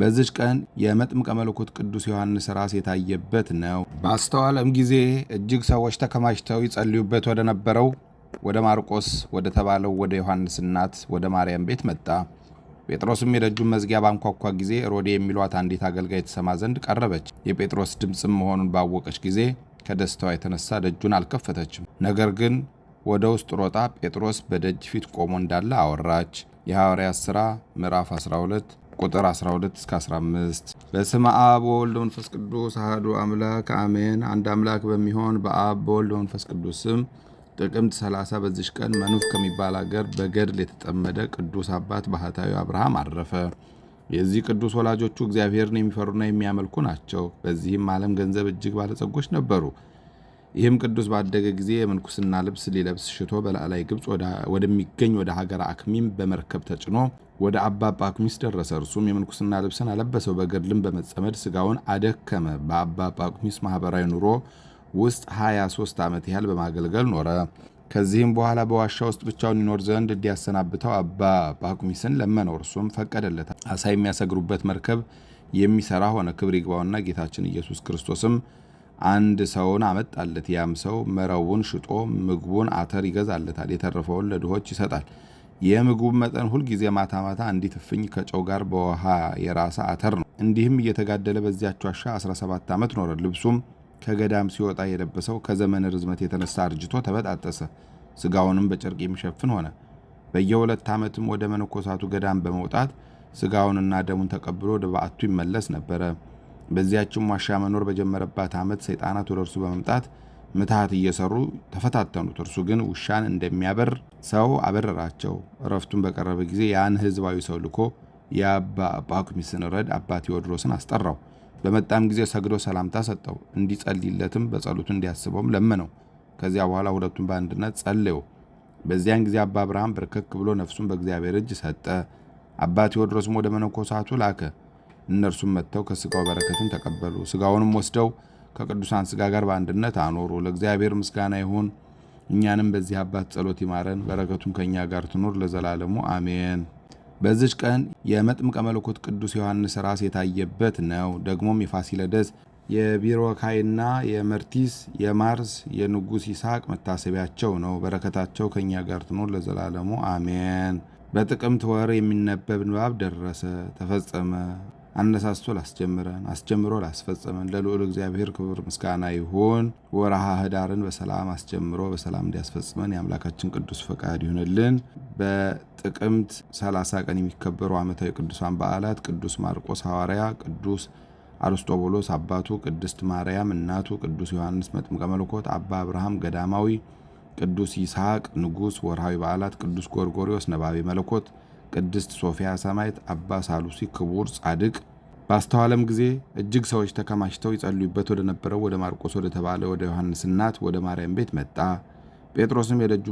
በዚች ቀን የመጥምቀ መለኮት ቅዱስ ዮሐንስ ራስ የታየበት ነው። ባስተዋለም ጊዜ እጅግ ሰዎች ተከማችተው ይጸልዩበት ወደ ነበረው ወደ ማርቆስ ወደ ተባለው ወደ ዮሐንስ እናት ወደ ማርያም ቤት መጣ። ጴጥሮስም የደጁን መዝጊያ ባንኳኳ ጊዜ ሮዴ የሚሏት አንዲት አገልጋይ የተሰማ ዘንድ ቀረበች። የጴጥሮስ ድምፅም መሆኑን ባወቀች ጊዜ ከደስታዋ የተነሳ ደጁን አልከፈተችም። ነገር ግን ወደ ውስጥ ሮጣ ጴጥሮስ በደጅ ፊት ቆሞ እንዳለ አወራች። የሐዋርያት ሥራ ምዕራፍ 12 ቁጥር 12 እስከ 15 በስመ አብ ወወልድ መንፈስ ቅዱስ አህዱ አምላክ አሜን። አንድ አምላክ በሚሆን በአብ በወልድ መንፈስ ቅዱስ ስም ጥቅምት 30 በዚች ቀን መኑፍ ከሚባል አገር በገድል የተጠመደ ቅዱስ አባት ባህታዊ አብርሃም አረፈ። የዚህ ቅዱስ ወላጆቹ እግዚአብሔርን የሚፈሩና የሚያመልኩ ናቸው። በዚህም ዓለም ገንዘብ እጅግ ባለጸጎች ነበሩ። ይህም ቅዱስ ባደገ ጊዜ የምንኩስና ልብስ ሊለብስ ሽቶ በላዕላይ ግብፅ ወደሚገኝ ወደ ሀገር አክሚም በመርከብ ተጭኖ ወደ አባ ጳኩሚስ ደረሰ። እርሱም የምንኩስና ልብስን አለበሰው፣ በገድልም በመጸመድ ስጋውን አደከመ። በአባ ጳኩሚስ ማህበራዊ ኑሮ ውስጥ 23 ዓመት ያህል በማገልገል ኖረ። ከዚህም በኋላ በዋሻ ውስጥ ብቻውን ይኖር ዘንድ እንዲያሰናብተው አባ ጳኩሚስን ለመነው። እርሱም ፈቀደለት። አሳ የሚያሰግሩበት መርከብ የሚሰራ ሆነ። ክብር ይግባውና ጌታችን ኢየሱስ ክርስቶስም አንድ ሰውን አመጣለት። ያም ሰው መረቡን ሽጦ ምግቡን አተር ይገዛለታል፣ የተረፈውን ለድሆች ይሰጣል። የምግቡ መጠን ሁልጊዜ ማታ ማታ አንዲት እፍኝ ከጨው ጋር በውሃ የራሰ አተር ነው። እንዲህም እየተጋደለ በዚያች ዋሻ 17 ዓመት ኖረ። ልብሱም ከገዳም ሲወጣ የለበሰው ከዘመን ርዝመት የተነሳ አርጅቶ ተበጣጠሰ። ስጋውንም በጨርቅ የሚሸፍን ሆነ። በየሁለት ዓመትም ወደ መነኮሳቱ ገዳም በመውጣት ስጋውንና ደሙን ተቀብሎ ወደ በዓቱ ይመለስ ነበረ። በዚያችም ዋሻ መኖር በጀመረባት ዓመት ሰይጣናት ወደ እርሱ በመምጣት ምትሃት እየሰሩ ተፈታተኑት። እርሱ ግን ውሻን እንደሚያበር ሰው አበረራቸው። እረፍቱን በቀረበ ጊዜ ያን ህዝባዊ ሰው ልኮ የአባ ጳኩሚስን ረድ አባ ቴዎድሮስን አስጠራው። በመጣም ጊዜ ሰግዶ ሰላምታ ሰጠው። እንዲጸልይለትም በጸሎቱ እንዲያስበውም ለመነው። ከዚያ በኋላ ሁለቱም በአንድነት ጸለዩ። በዚያን ጊዜ አባ አብርሃም በርከክ ብሎ ነፍሱን በእግዚአብሔር እጅ ሰጠ። አባ ቴዎድሮስም ወደ መነኮሳቱ ላከ። እነርሱም መጥተው ከስጋው በረከትን ተቀበሉ። ስጋውንም ወስደው ከቅዱሳን ስጋ ጋር በአንድነት አኖሩ። ለእግዚአብሔር ምስጋና ይሁን። እኛንም በዚህ አባት ጸሎት ይማረን፣ በረከቱም ከእኛ ጋር ትኖር ለዘላለሙ አሜን። በዚች ቀን የመጥምቀ መለኮት ቅዱስ ዮሐንስ ራስ የታየበት ነው። ደግሞም የፋሲለደስ የቢሮካይና የመርቲስ የማርስ የንጉሥ ይስሐቅ መታሰቢያቸው ነው። በረከታቸው ከእኛ ጋር ትኖር ለዘላለሙ አሜን። በጥቅምት ወር የሚነበብ ንባብ ደረሰ፣ ተፈጸመ። አነሳስቶ ላስጀምረን አስጀምሮ ላስፈጸመን ለልዑል እግዚአብሔር ክብር ምስጋና ይሁን። ወርሃ ህዳርን በሰላም አስጀምሮ በሰላም እንዲያስፈጽመን የአምላካችን ቅዱስ ፈቃድ ይሁንልን። በጥቅምት 30 ቀን የሚከበሩ ዓመታዊ ቅዱሳን በዓላት ቅዱስ ማርቆስ ሐዋርያ፣ ቅዱስ አርስጦቦሎስ አባቱ፣ ቅድስት ማርያም እናቱ፣ ቅዱስ ዮሐንስ መጥምቀ መለኮት፣ አባ አብርሃም ገዳማዊ፣ ቅዱስ ይስሐቅ ንጉሥ። ወርሃዊ በዓላት ቅዱስ ጎርጎሪዎስ ነባቤ መለኮት ቅድስት ሶፊያ ሰማዕት፣ አባ ሳሉሲ ክቡር ጻድቅ ባስተዋለም ጊዜ እጅግ ሰዎች ተከማችተው ይጸልዩበት ወደ ነበረው ወደ ማርቆስ ወደ ተባለ ወደ ዮሐንስ እናት ወደ ማርያም ቤት መጣ። ጴጥሮስም የደጁ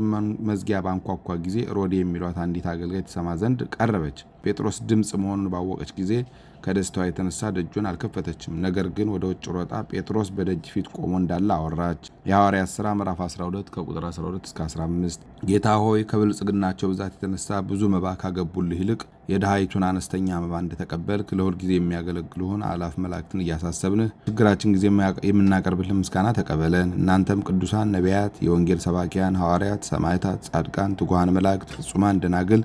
መዝጊያ ባንኳኳ ጊዜ ሮዴ የሚሏት አንዲት አገልጋይ ትሰማ ዘንድ ቀረበች። ጴጥሮስ ድምፅ መሆኑን ባወቀች ጊዜ ከደስታዋ የተነሳ ደጁን አልከፈተችም። ነገር ግን ወደ ውጭ ሮጣ ጴጥሮስ በደጅ ፊት ቆሞ እንዳለ አወራች። የሐዋርያት ሥራ ምዕራፍ 12 ከቁጥር 12 እስከ 15። ጌታ ሆይ ከብልጽግናቸው ብዛት የተነሳ ብዙ መባ ካገቡልህ ይልቅ የድሃይቱን አነስተኛ መባ እንደተቀበልክ ለሁል ጊዜ የሚያገለግሉህን አላፍ መላእክትን እያሳሰብንህ ችግራችን ጊዜ የምናቀርብልህ ምስጋና ተቀበለን። እናንተም ቅዱሳን ነቢያት፣ የወንጌል ሰባኪያን ሐዋርያት፣ ሰማዕታት፣ ጻድቃን፣ ትጉሃን መላእክት፣ ፍጹማን ደናግል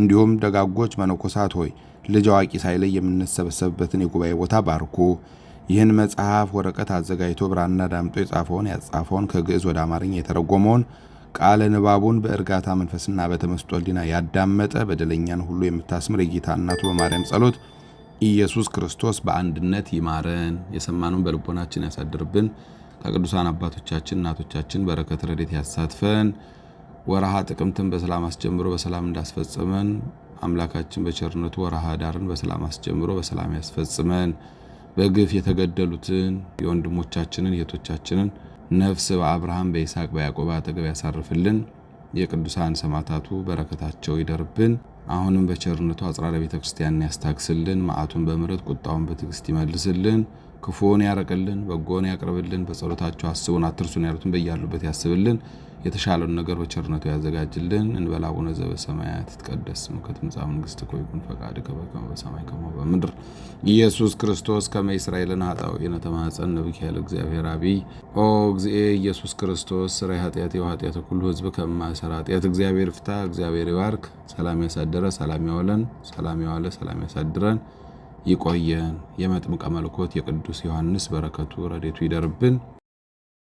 እንዲሁም ደጋጎች መነኮሳት ሆይ ልጅ አዋቂ ሳይለይ የምንሰበሰብበትን የጉባኤ ቦታ ባርኩ። ይህን መጽሐፍ ወረቀት አዘጋጅቶ ብራና ዳምጦ የጻፈውን ያጻፈውን ከግዕዝ ወደ አማርኛ የተረጎመውን ቃለ ንባቡን በእርጋታ መንፈስና በተመስጦ ሕሊና ያዳመጠ በደለኛን ሁሉ የምታስምር የጌታ እናቱ በማርያም ጸሎት ኢየሱስ ክርስቶስ በአንድነት ይማረን፣ የሰማነውን በልቦናችን ያሳድርብን፣ ከቅዱሳን አባቶቻችን እናቶቻችን በረከት ረዴት ያሳትፈን። ወርሃ ጥቅምትን በሰላም አስጀምሮ በሰላም እንዳስፈጸመን አምላካችን በቸርነቱ ወርሃ ዳርን በሰላም አስጀምሮ በሰላም ያስፈጽመን። በግፍ የተገደሉትን የወንድሞቻችንን እህቶቻችንን ነፍስ በአብርሃም በይስሐቅ በያዕቆብ አጠገብ ያሳርፍልን። የቅዱሳን ሰማዕታቱ በረከታቸው ይደርብን። አሁንም በቸርነቱ አጽራረ ቤተ ክርስቲያንን ያስታግስልን። መዓቱን በምሕረት ቁጣውን በትዕግስት ይመልስልን። ክፉውን ያረቅልን፣ በጎን ያቅርብልን። በጸሎታቸው አስቡን አትርሱን፣ ያሉትን በያሉበት ያስብልን። የተሻለውን ነገር በቸርነቱ ያዘጋጅልን። እንበላ አቡነ ዘበሰማያት ይትቀደስ ስምከ ትምጻእ መንግሥትከ ወይኩን ፈቃድከ በከመ በሰማይ ከማሁ በምድር ኢየሱስ ክርስቶስ ከመ እስራኤልን ኃጣውኢነ ተማፀን ነብኪ እግዚአብሔር አብይ ኦ እግዚኤ ኢየሱስ ክርስቶስ ስራይ ኃጢአት የው ኃጢአተ ኩሉ ህዝብ ከማሰር ኃጢአት እግዚአብሔር ፍታ እግዚአብሔር ይባርክ። ሰላም ያሳደረ ሰላም ያወለን ሰላም ያዋለ ሰላም ያሳድረን ይቆየን። የመጥምቀ መለኮት የቅዱስ ዮሐንስ በረከቱ ረዴቱ ይደርብን።